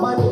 money.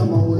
amor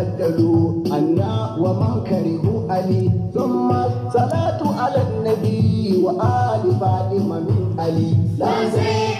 salu anna wa man karihu ali thumma salatu ala nabi wa ali fatima min ali la